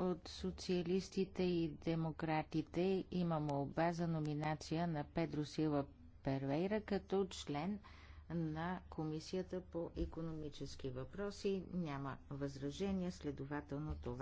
От социалистите и демократите има молба за номинация на Педро Сила Первейра като член на Комисията по економически въпроси. Няма възражения, следователно това